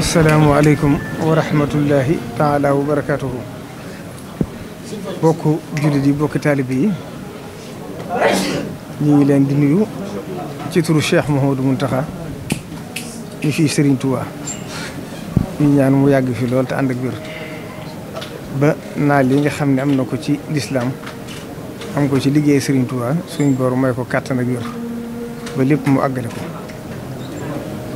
asalaamualeykum wa rahmatullahi taala wa barakatuhu bokk jullit yi bokk taalibe yi ñu ngi leen di nuyu ci turu Cheikh Mouhamadou taxa ñu fi Serigne Touba ñu ñaan mu yàgg fi lool te ànd ak wér ba naa li nga xam ne am na ko ci lislaam am ko ci liggéey Serigne Touba suñ boor may ko kàttan ak wér ba lépp mu àggale ko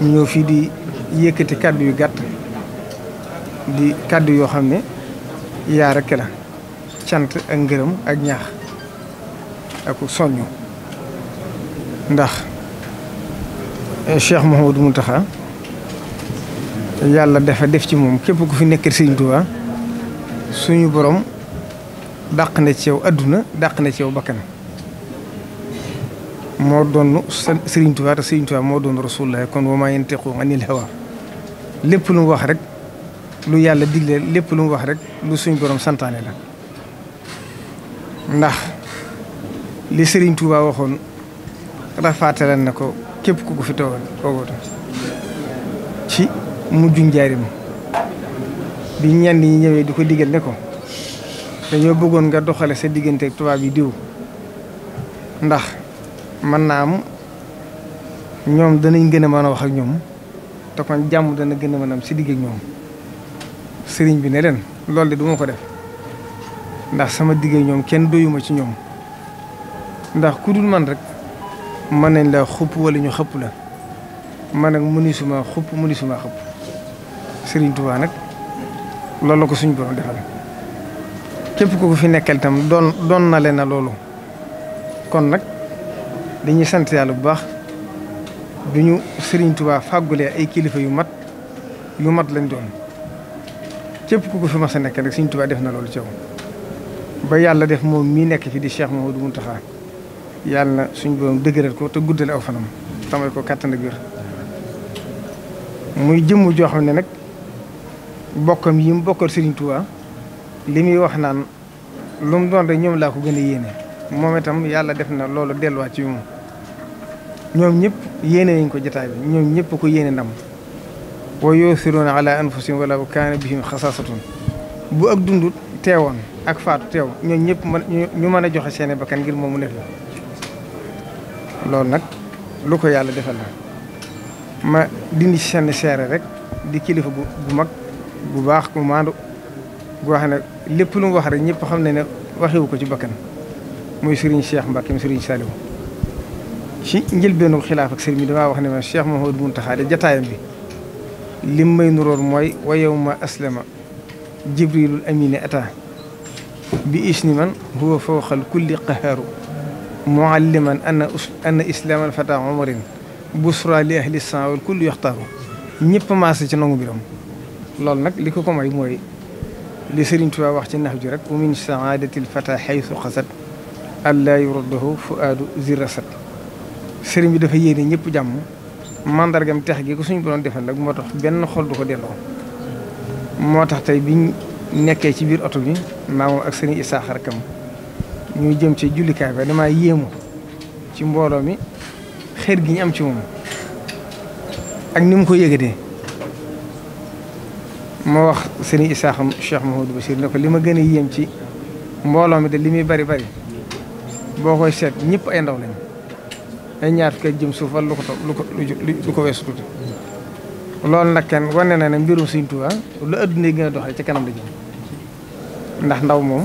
ñu ñëw fii di yékkati kàddu yu gàtt di kàddu yoo xam ne yaa rekk la cant ak ngërëm ak ñaax ak soññu ndax du mu taxa yàlla dafa def ci moom képp ku fi nekk Sëriñ Tuubaa suñu boroom dàq na ci adduna dàq na ci yow bakkan moo doon Sëriñ Tuubaa te Sëriñ Tuubaa moo doon Rasulullah kon wa maa yantiqu anil hawaa lépp lu mu wax rek lu yàlla digle lépp lu mu wax rek lu suñ borom santaane la ndax li sëriñ Touba waxoon rafaatale na ko képp ku ko fi toogal toogooto ci mujj njaarim bi ñenn ñi ñëwee di ko digal ne ko dañoo bëggoon nga doxale sa diggante ak tubaab yi diw ndax mën naa am ñoom danañ gën a mën a wax ak ñoom te kon jàmm dana gën a mën am si digg ñoom sëriñ bi ne leen loolu de duma ko def ndax sama digg ñoom kenn doyuma ci ñoom ndax ku dul man rek mën nañ la xupp wala ñu xëpp la man nag suma xupp suma xëpp sëriñ Tuubaa nag loolu ko suñu borom defal képp ku ko fi nekkal itam doon doon na na loolu kon nag dañuy sant yàlla bu baax. bi ñu Serigne Touba fàggulee ay kilifa yu mat yu mat lañ doon képp ku ko fi mas a nekk rek Serigne Touba def na loolu caw ba yàlla def moom mii nekk fi di Cheikh Mouhamadou Mountakha yàlla na suñ borom dëgëral ko te guddale aw fanam tamay ko kàttan ak wér muy jëmm joo xam ne nag bokkam yi mu bokkal Serigne Touba li muy wax naan lu mu doon rek ñoom laa ko gën a yéene moom itam yàlla def na loolu delluwaat ci moom. ñoom ñëpp yéene nañ ko jotaay bi ñoom ñëpp ko yéene ndam wa yoosiroona ala anfusihim wala bu kaana bihim xasaasatun bu ak dundut teewoon ak faatu teew ñoom ñëpp mën ñu mën a joxe seeni bakkan ngir moomu nekk la loolu nag lu ko yàlla defe la ma dindi ci seen seere rek di kilifa bu bu mag bu baax bu maandu goo ne lépp lu mu wax rek ñëpp xam ne ne waxiwu ko ci bakkan muy Serigne Cheikh Mbacke mu Serigne Saliou ci njëlbeenu xilaaf ak sëriñ damaa wax ne ma Cheikh Mouhamadou Mountakha jataayam bi lim may nuróor mooy wa yawma aslama jibrilul amine ata bi isni man huwa fawqal kulli qahaaru mualliman anna anna islaam al fata busra li ahli san wal kulli yaxtaaru ñëpp maase ci nangu biram loolu nag li ko ko may mooy li sëriñ Tuubaa wax ci nax ji rek wa min saadatil fata xaytu xasat allaa yuraddahu fuaadu zirasat sëriñ bi dafa yéene ñëpp jàmm màndargam tex gi ko suñu doon defal nag moo tax benn xol du ko delloo moo tax tey biñ nekkee ci biir oto bi maamom ak sëriñ Isaaxa rakam jëm ci jullikaay ba damaa yéemu ci mbooloo mi xër gi ci moom ak ni mu ko yëgatee moo wax sëriñ Isaaxa Cheikh Mahamadou Bachir ne ko li ma gën a yéem ci mbooloo mi de li muy bari bari boo koy seet ñëpp ay ndaw lañ ay ñaar ka jëm suuf wala lu ko lu ko lu ko weesu tuuti loolu nag kenn wane na ne mbirum Sëriñ Tuubaa lu adduna yi gën a doxee ci kanam la jëm ndax ndaw moom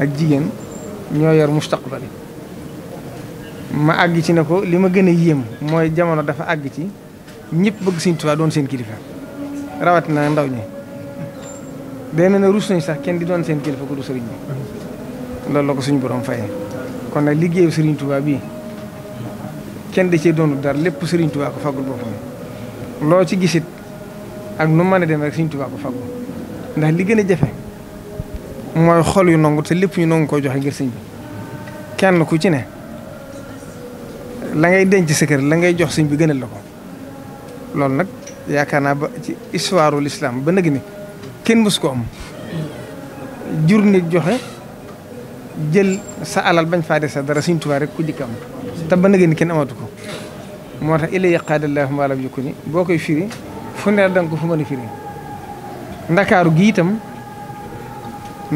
ak jigéen ñoo yor mustaqbal ma àgg ci ne ko li ma gën a yéem mooy jamono dafa àgg ci ñëpp bëgg Sëriñ Tuubaa doon seen kilifa rawatina ndaw ñi day mel ne ruus nañ sax kenn di doon seen kilifa ku du sëriñ bi loolu la ko suñu borom fay kon nag liggéeyu Sëriñ Tuubaa bii. kenn da cee doonul dara lépp Serigne Touba ko faggul boppam loo ci gisit ak nu mën a dem rek Serigne Touba ko faggul ndax li gën a jafe mooy xol yu nongu te lépp ñu nangu ko joxe ngir sëñ bi kenn ku ci ne la ngay denc sa la ngay jox sëñ bi gënal la ko loolu nag yaakaar naa ba ci histoire ul islam ba nag ni kenn mës ko am jur nit joxe jël sa alal bañ faa des sa dara Serigne Touba rek ku jëkk am te ba nag kenn amatu ko moo tax ilay yaqaadillaahu maa lam ni boo koy firi fu ne danga ko fu mën a firi ndakaaru gi itam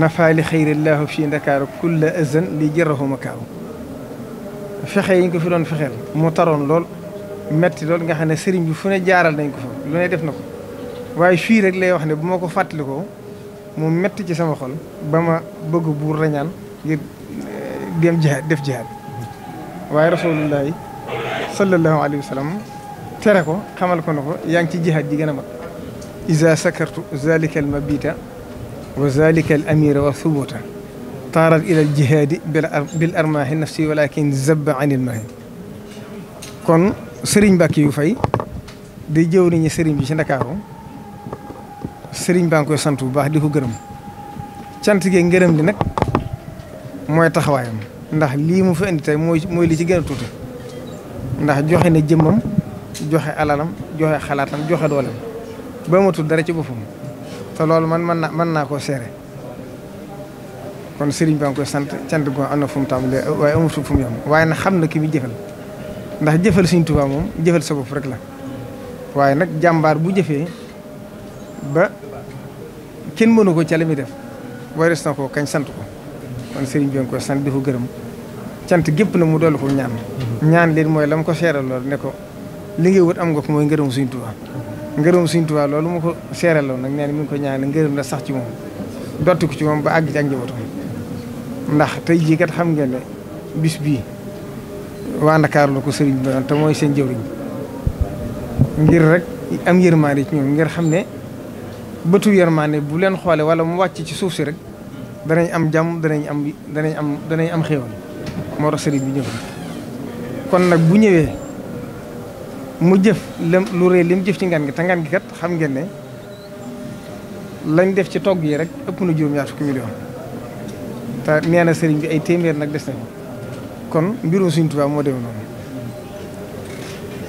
nafaali xayrillaahu fii ndakaaru kulla azan li jarahu makaaru fexe yi ñu ko fi doon fexeel mu taroon lool metti lool nga xam ne sëriñ bi fu ne jaaral nañ ko fa lu ne def na ko waaye fii rek lay wax ne bu ma ko fàttalikoo mu metti ci sama xol ba ma bëgg buur rañaan ngir eh, dem jihaad def jihaad waaye rasulullahi sallallahu alayhi wa sallam tere ko xamal ko ko yaa ngi ci jihaad ji gën a mag isa sakartu zalika al mabita wa zalika al amira wa thubuta taarat ila al jihaadi bil armahi nafsi walakin zabba anil mahi kon sëriñ Mbàkke yu fay di jëwriñu sëriñ bi ci Ndakaaru sëriñ baa ngi koy sant bu baax di ko gërëm cant gi ngërëm di nag mooy taxawaayam ndax lii mu fi indi tey mooy li ci gën tuuti ndax joxe na jëmmam joxe alalam joxe xalaatam joxe doole ba matul tudd dara ci boppam te loolu man mën naa mën naa koo seere kon sëriñ ba ngi koy sant cant goo am na fu mu tàmbalee waaye amul fu mu waaye na xam na ki muy jëfal ndax jëfal suñu Tuubaa moom jëfal sa bopp rek la waaye nag jàmbaar bu jëfee ba kenn mënu ko ca li muy def warees na ko kañ sant ko kon sëriñ bi nga koy sant di ko gërëm cant gépp na mu dolli ko ñaan. ñaan leen mooy la mu ko seeral lool ne ko li ngay wut am nga ko mooy ngërëm suñ Tuubaa ngërëm suñ Tuubaa mu ko seeral lool nag nee na mi ngi ko ñaan ngërëm la sax ci moom dootu ko ci moom ba àgg ci ak njabootam ndax tey jii kat xam ngeen ne bis bii waa Ndakaar ko sëriñ bi doon te mooy ngir rek am yërmaande ci ñoom ngir xam ne bëtu yërmaande bu leen xoole wala mu wàcc ci suuf si rek danañ am jàmm danañ am danañ am danañ am moo tax sëriñ bi ñëw kon nag bu ñëwee mu jëf lam lu rëy lim jëf ci ngan gi te ngan gi kat xam ngeen ne lañ def ci togg yi rek ëpp na juróom-ñaar fukki million ta nee na sëriñ bi ay téeméer nag des nañu kon mbirum suñu tubaab moo deme noonu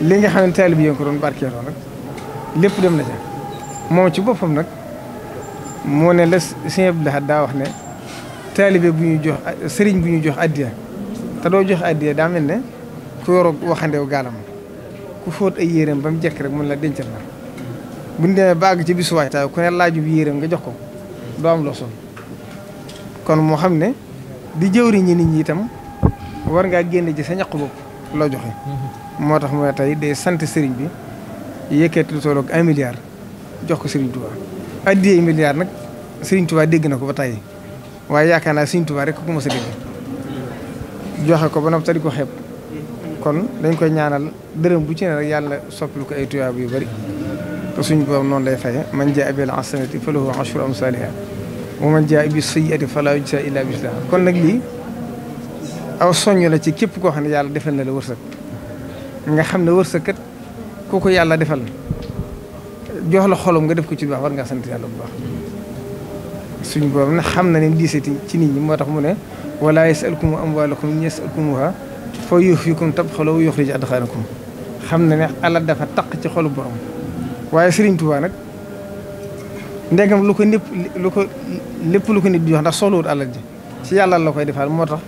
li nga xam ne taalibe yi ko doon barkeeloo nag lépp dem na ca moom ci boppam nag moo ne la Sëñ Abdou Lahad daa wax ne taalibe bu ñuy jox sëriñ bu ñuy jox addiya te doo joxe addiya daa mel ne ku yoroo waxandew gaalam ku fóot ay yéreem ba mu jekk rek mun la dencal la bu ñu demee bàgg ci bisu waajtaay ku ne nga jox ko doo loo sol moo xam ne di jëwriñi nit ñi war ngaa génne ci sa ñaq loo joxe mm-hmm. tax mu tey day sant sëriñ bi yëkkati lu tolloog milliard jox ko sëriñ Touba nag sëriñ Touba dégg na ko ba tàyyi waaye yaakaar naa Sëriñ Tuubaa rek ku ma sa joxe ko ba noppi di ko xeeb kon dañ koy ñaanal dërëm bu ci ne yàlla sopplu ko ay tuyaab yu bari te suñ borom noonu lay faye man jaa bil hasanati falahu ashru amsaliha wa man jaa bis sayyiati fala yujza illa mislaha kon nag lii aw soññ la ci képp koo xam ne yàlla defal na la wërsëg nga xam ne wërsëg kat ku ko yàlla defal jox la xolom nga def ko ci baax war nga sant yàlla bu baax suñu borom na xam na ne diisati ci nit ñi moo tax mu ne am waa ko wala yasalkum amwaalakum yasalkumuha fa yuhfikum tabxalu yuxrij adxaanakum xam na ne alal dafa taq ci xolu borom waaye Sëriñ Tuubaa nag ndegam lu ko lépp lu ko lépp lu ko nit di jox ndax soxlawut alal ji ci yàlla la koy defal moo tax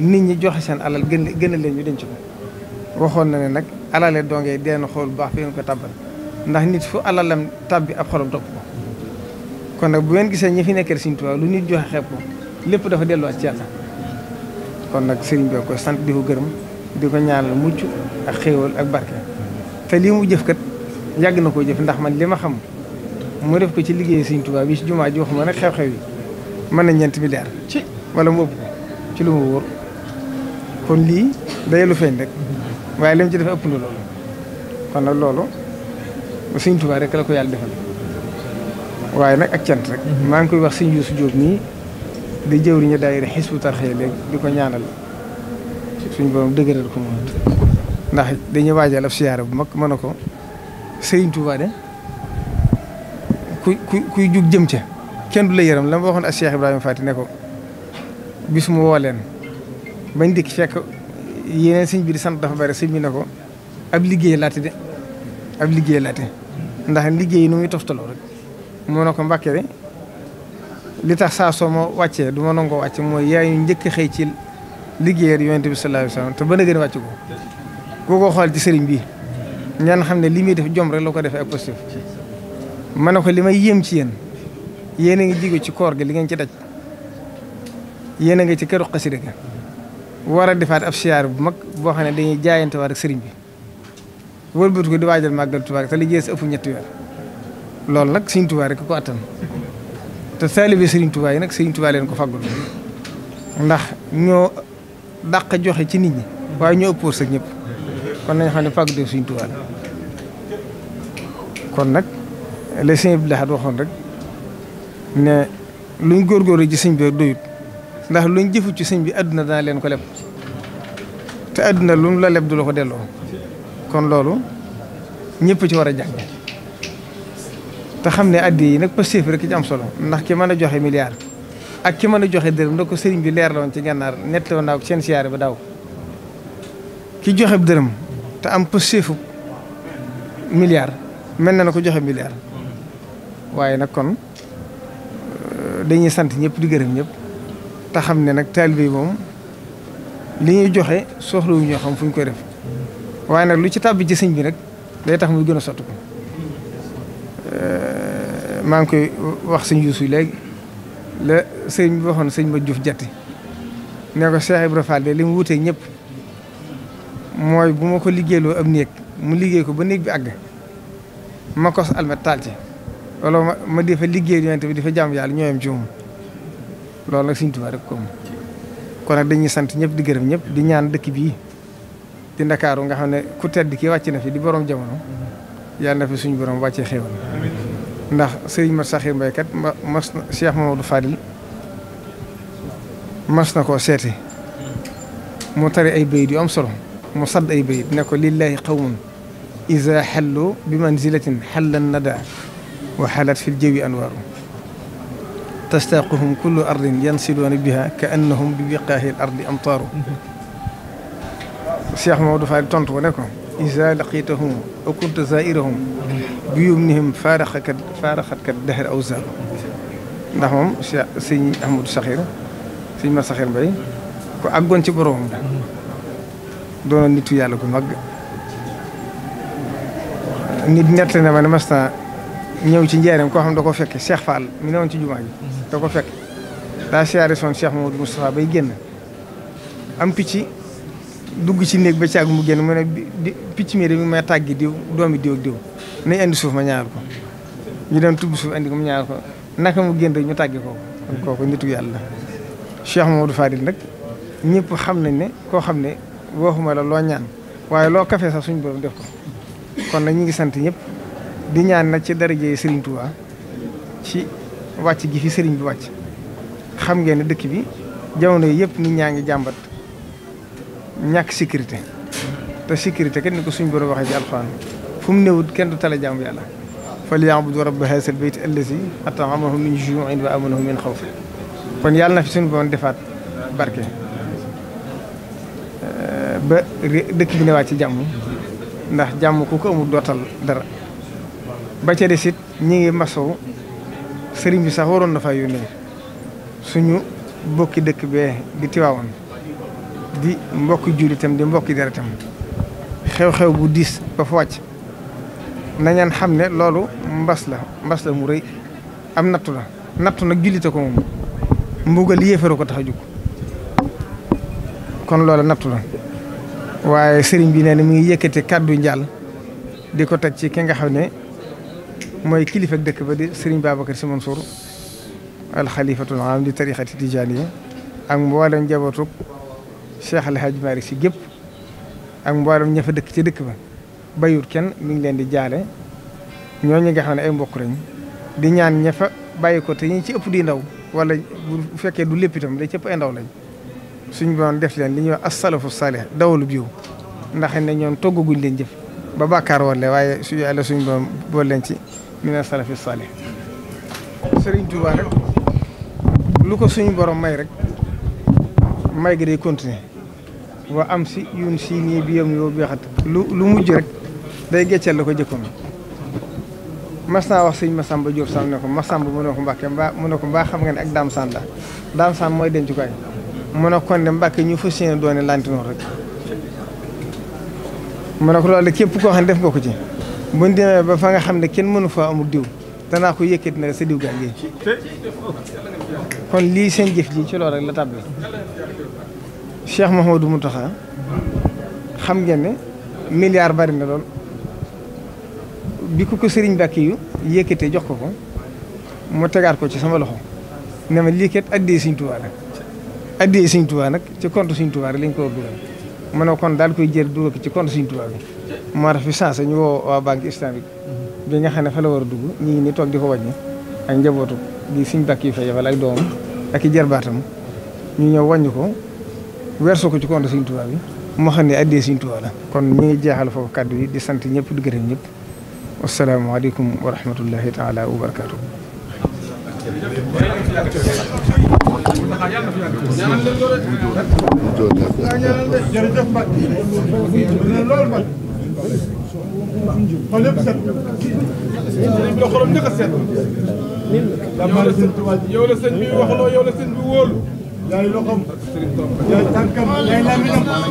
nit ñi joxe seen alal gën gën a leen ñu denc ko waxoon na ne nag alale dongee deen xool bu baax fi ngeen ko tàbbal ndax nit fu alalam tàbbi ab xolam topp kon nag bu ngeen gisee ñi fi nekkal Sëriñ Tuubaa lu nit joxe xeeb lépp dafa delluwaat ci Yàlla kon nag sëriñ bi ko sant di ko gërëm di ko ñaanal mucc ak xéewal ak barke te lii mu jëf kat yàgg na koo jëf ndax man li ma xam mu def ko ci liggéey siñ Tuubaa bi ci jumaa ji wax ma nag xew-xew yi mën na ñeent milliard ci walla mu ëpp ci lu ma wóor kon lii day lu feeñ rek waaye li ci def ëpp na loolu kon nag loolu Sëriñ Tuubaa rek la ko yàlla defal waaye nag ak cant rek. Mhm. maa ngi koy wax sëñ su Diop nii di jëwriñu daayira Hizbut Tarqiyyah léegi di ko ñaanal suñ borom dëgëral ko moom ndax dañuy waajal ab siyaara bu mag mën a ko Sëriñ Tuubaa de ku ku kuy jug jëm ca kenn du la yërëm la ma waxoon ak Cheikh Ibrahima Fati ne ko bis mu woo leen bañ dikk fekk yeneen sëñ bi di sant dafa bari sëñ bi ne ko ab liggéey laate de ab liggéey laate ndax liggéey yi nu muy toftaloo rek. mu ne ko Mbàkke de li tax saa soo ma wàccee du ma nangoo wàcc mooy yaay njëkk xëy ci liggéeyal yonent bi sallallahu alayhi wasallam te ba na gën a ko ku ko xool ci sëriñ bi ñaan xam ne li muy def jom rek la ko defee ak positif ma ne ko li may yéem ci yéen yéen a ngi jigo ci koor gi li ngeen ci daj yéen a ngi ci këru xasida ga war a defaat ab siyaar bu mag boo xam ne dañuy jaayante war ak sëriñ bi wëlbatu ko di waajal màggal Tuubaa te liggéey si ñetti loolu nag Serigne Touba rek ko attan te taalibe Serigne Touba yi nag Serigne Touba leen ko faggul ndax ñoo daq joxe ci nit ñi waaye ñoo ëpp wërsëg ñëpp kon nañ xam ne fàggu def Serigne kon nag le sëñ bi laxat waxoon rek ne luñ góorgóorlu ci sëñ bi ndax luñ jëfu ci sëñ bi àdduna dana leen ko leb te àdduna lu mu la leb du la ko delloo kon loolu ñëpp ci war a jàng te xam ne addi yi nag pastéef rek ci am solo ndax ki mën a joxe milliard ak ki mën a joxe dërëm nag ko sëriñ bi leer la woon ci gànnaar nett woon naa ko seen siyaare ba daaw ki joxe dërëm te am pastéefu milliard mel na na ko joxe milliard waaye nag kon euh, dañuy sant ñëpp di gërëm ñëpp te xam ne nag taalibe yi moom li ñuy joxe soxlawuñu ñoo xam fu ñu koy def waaye nag lu ci tàbbi ci sëñ bi nag day tax muy gën a sotti ko maa koy wax sëñ Yuusu léegi la sëñ bi waxoon sëñ ma Juuf jatti ne ko Cheikh Ibra de li mu wutee ñëpp mooy bu ma ko liggéeyloo am néeg mu liggéey ko ba néeg bi àgg ma kos almet taal ci wala ma ma di fa liggéey yonent bi di fa jàmm yàlla ñooyam ci moom loolu nag sëñ Tuubaa rek kon nag dañuy sant ñëpp di gërëm ñëpp di ñaan dëkk bii di ndakaaru nga xam ne ku tedd ki wàcc na fi di borom jamono yàlla na fi suñu borom wàccee xéewal ndax sëriñ ma saxir mbay kat ma mas na Cheikh Mamadou Fadil mas na koo seeti hmm. mu tari ay bayit yu am solo mu sadd ay bayit ne ko lillahi qawmun iza xallu bi manzilatin xallan nada wa xalat fi ljawi anwaaru tastaquhum kullu ardin yansiluuna biha ka annahum bi biqaahi l ardi amtaaru hmm. Cheikh Mamadou Fadil tontu ko ne ko isa laqitahum aw kunta zairahum bi yumnihim faaraxatkat faaraxatkat dahr aw zar ndax moom Cheikh sëñ Ahmadou Saxir sëñ ma Saxir Mbay ku àggoon ci boroomam la doonoon nitu yàlla ku mag nit nett na ma ne masta ci njaareem koo xam da ko fekke Cheikh Fall mi ne woon ci jumaa ji fekk daa siyaare soon Cheikh Mamadou Moustapha bay génn am picc dugg ci néeg ba ci ak mu génn mu di picc mi de mi may tàggi diw doomi diw ak diw nañ indi suuf ma ñaar ko ñu dem tubb suuf indi ko mu ñaar ko naka mu génn rek ñu tàggi ko kooku nitu yàlla Cheikh Mamadou Fadil nag ñëpp xam nañ ne koo xam ne waxuma la loo ñaan waaye loo kafe sax suñ borom def ko kon nag ñu ngi sant ñëpp di ñaan nag ci darajee Serigne Touba ci wàcc gi fi Serigne bi wàcc xam ngeen ne dëkk bi jamono yëpp nit ñaa ngi jàmbat ñàkk sécurité te sécurité kenn ni ko suñ borom waxee ci alxuraan fu mu néewut kenn du tale jaamu yàlla falyabudu rabba haazal bayt allazi at'amahum min juu'in wa amanahum min xawf kon yàlla na fi suñu borom defaat barke ba dëkk bi ne wàcc ci jàmm ndax jàmm ku ko amul dootal dara ba ca des it ñi ngi masow sëriñ bi sax waroon na fa yónnee suñu bokki dëkk bee di tiwaawoon di mbokki jullitam di mbokki deretam xew-xew bu diis ba fa wàcc nañaan xam ne loolu mbas la mbas la mu rëy am nattu la nattu nag jullite ko moom mbugal yéefaru ko tax a jóg kon loolu nattu la waaye sëriñ bi nee na mi ngi yëkkati kàddu njaal di ko teg ci ki nga xam ne mooy kilifa dëkk ba di sëriñ Babacar Sy Mansour alxalifatul am di tarixati tijaani yi ak mboolem njabootu Cheikh El Hadj Malick si gépp ak mboolem ña fa dëkk ci dëkk ba bayut kenn mi ngi leen di jaale ñooñu nga xam ne ay mbokk lañ di ñaan ña fa ko te ñi ci ëpp di ndaw wala bu fekkee du lépp itam day ci ëpp ay ndaw lañ suñ boon def leen li ñuy wax asalafu salih dawalu biw ndax ne ñoom toggaguñ leen jëf ba bàkkaar wala waaye su yàlla suñ boon leen ci mina salafi salih Sëriñ Tuubaa rek lu ko suñu borom may rek may gi day continuer wa am si yun si nii bi yow bixat lu lu mujj rek day geccal la ko jëkkoon mas naa wax sëñ Masamba Diop Samb ne ko Masamba mu ne ko Mbàkke ba mu ne ko mbaa xam nga ne ak Dame la Dame mooy dencukaay mu ne kon de ñu fas yéene doone lantinoor rek mu ne ko loolu képp koo xam ne def nga ko ci buñ demee ba fa nga xam ne kenn mënu fa amul diw danaa ko yëkkati na sa diw gaa ngi kon lii seen jëf ji ci loolu rek la tàbbi Cheikh Mouhamadou Mountakha xam ngeen milliard bari na lool bi ku ko sëriñ Bakki yu yëkkatee jox ko ko mu tegaat ko ci sama loxo ne ma lii kat addee Serigne Touba nag addee Serigne Touba nag ci compte Serigne Touba rek lañ ko war dugal ma ne kon daal koy jël dugal ci compte Serigne Touba bi moo tax fi sensé ñu woo waa banque islamique bi nga xam ne fa la war a dugg ñu ngi nii toog di ko wàññi ak njabootu di Serigne Bakki yu fa yebal ak doomam ak i jarbaatam ñu ñëw wàññi ko weesu ko ci compte Sëriñ Tuubaa bi moo kon ñu ngi foofu kàddu yi di sant ñëpp di gërëm ñëpp wasalaamaaleykum wa rahmatullahi taala wa barakaatu yow yaay loxoom yaay tànkam yaay làmmiñam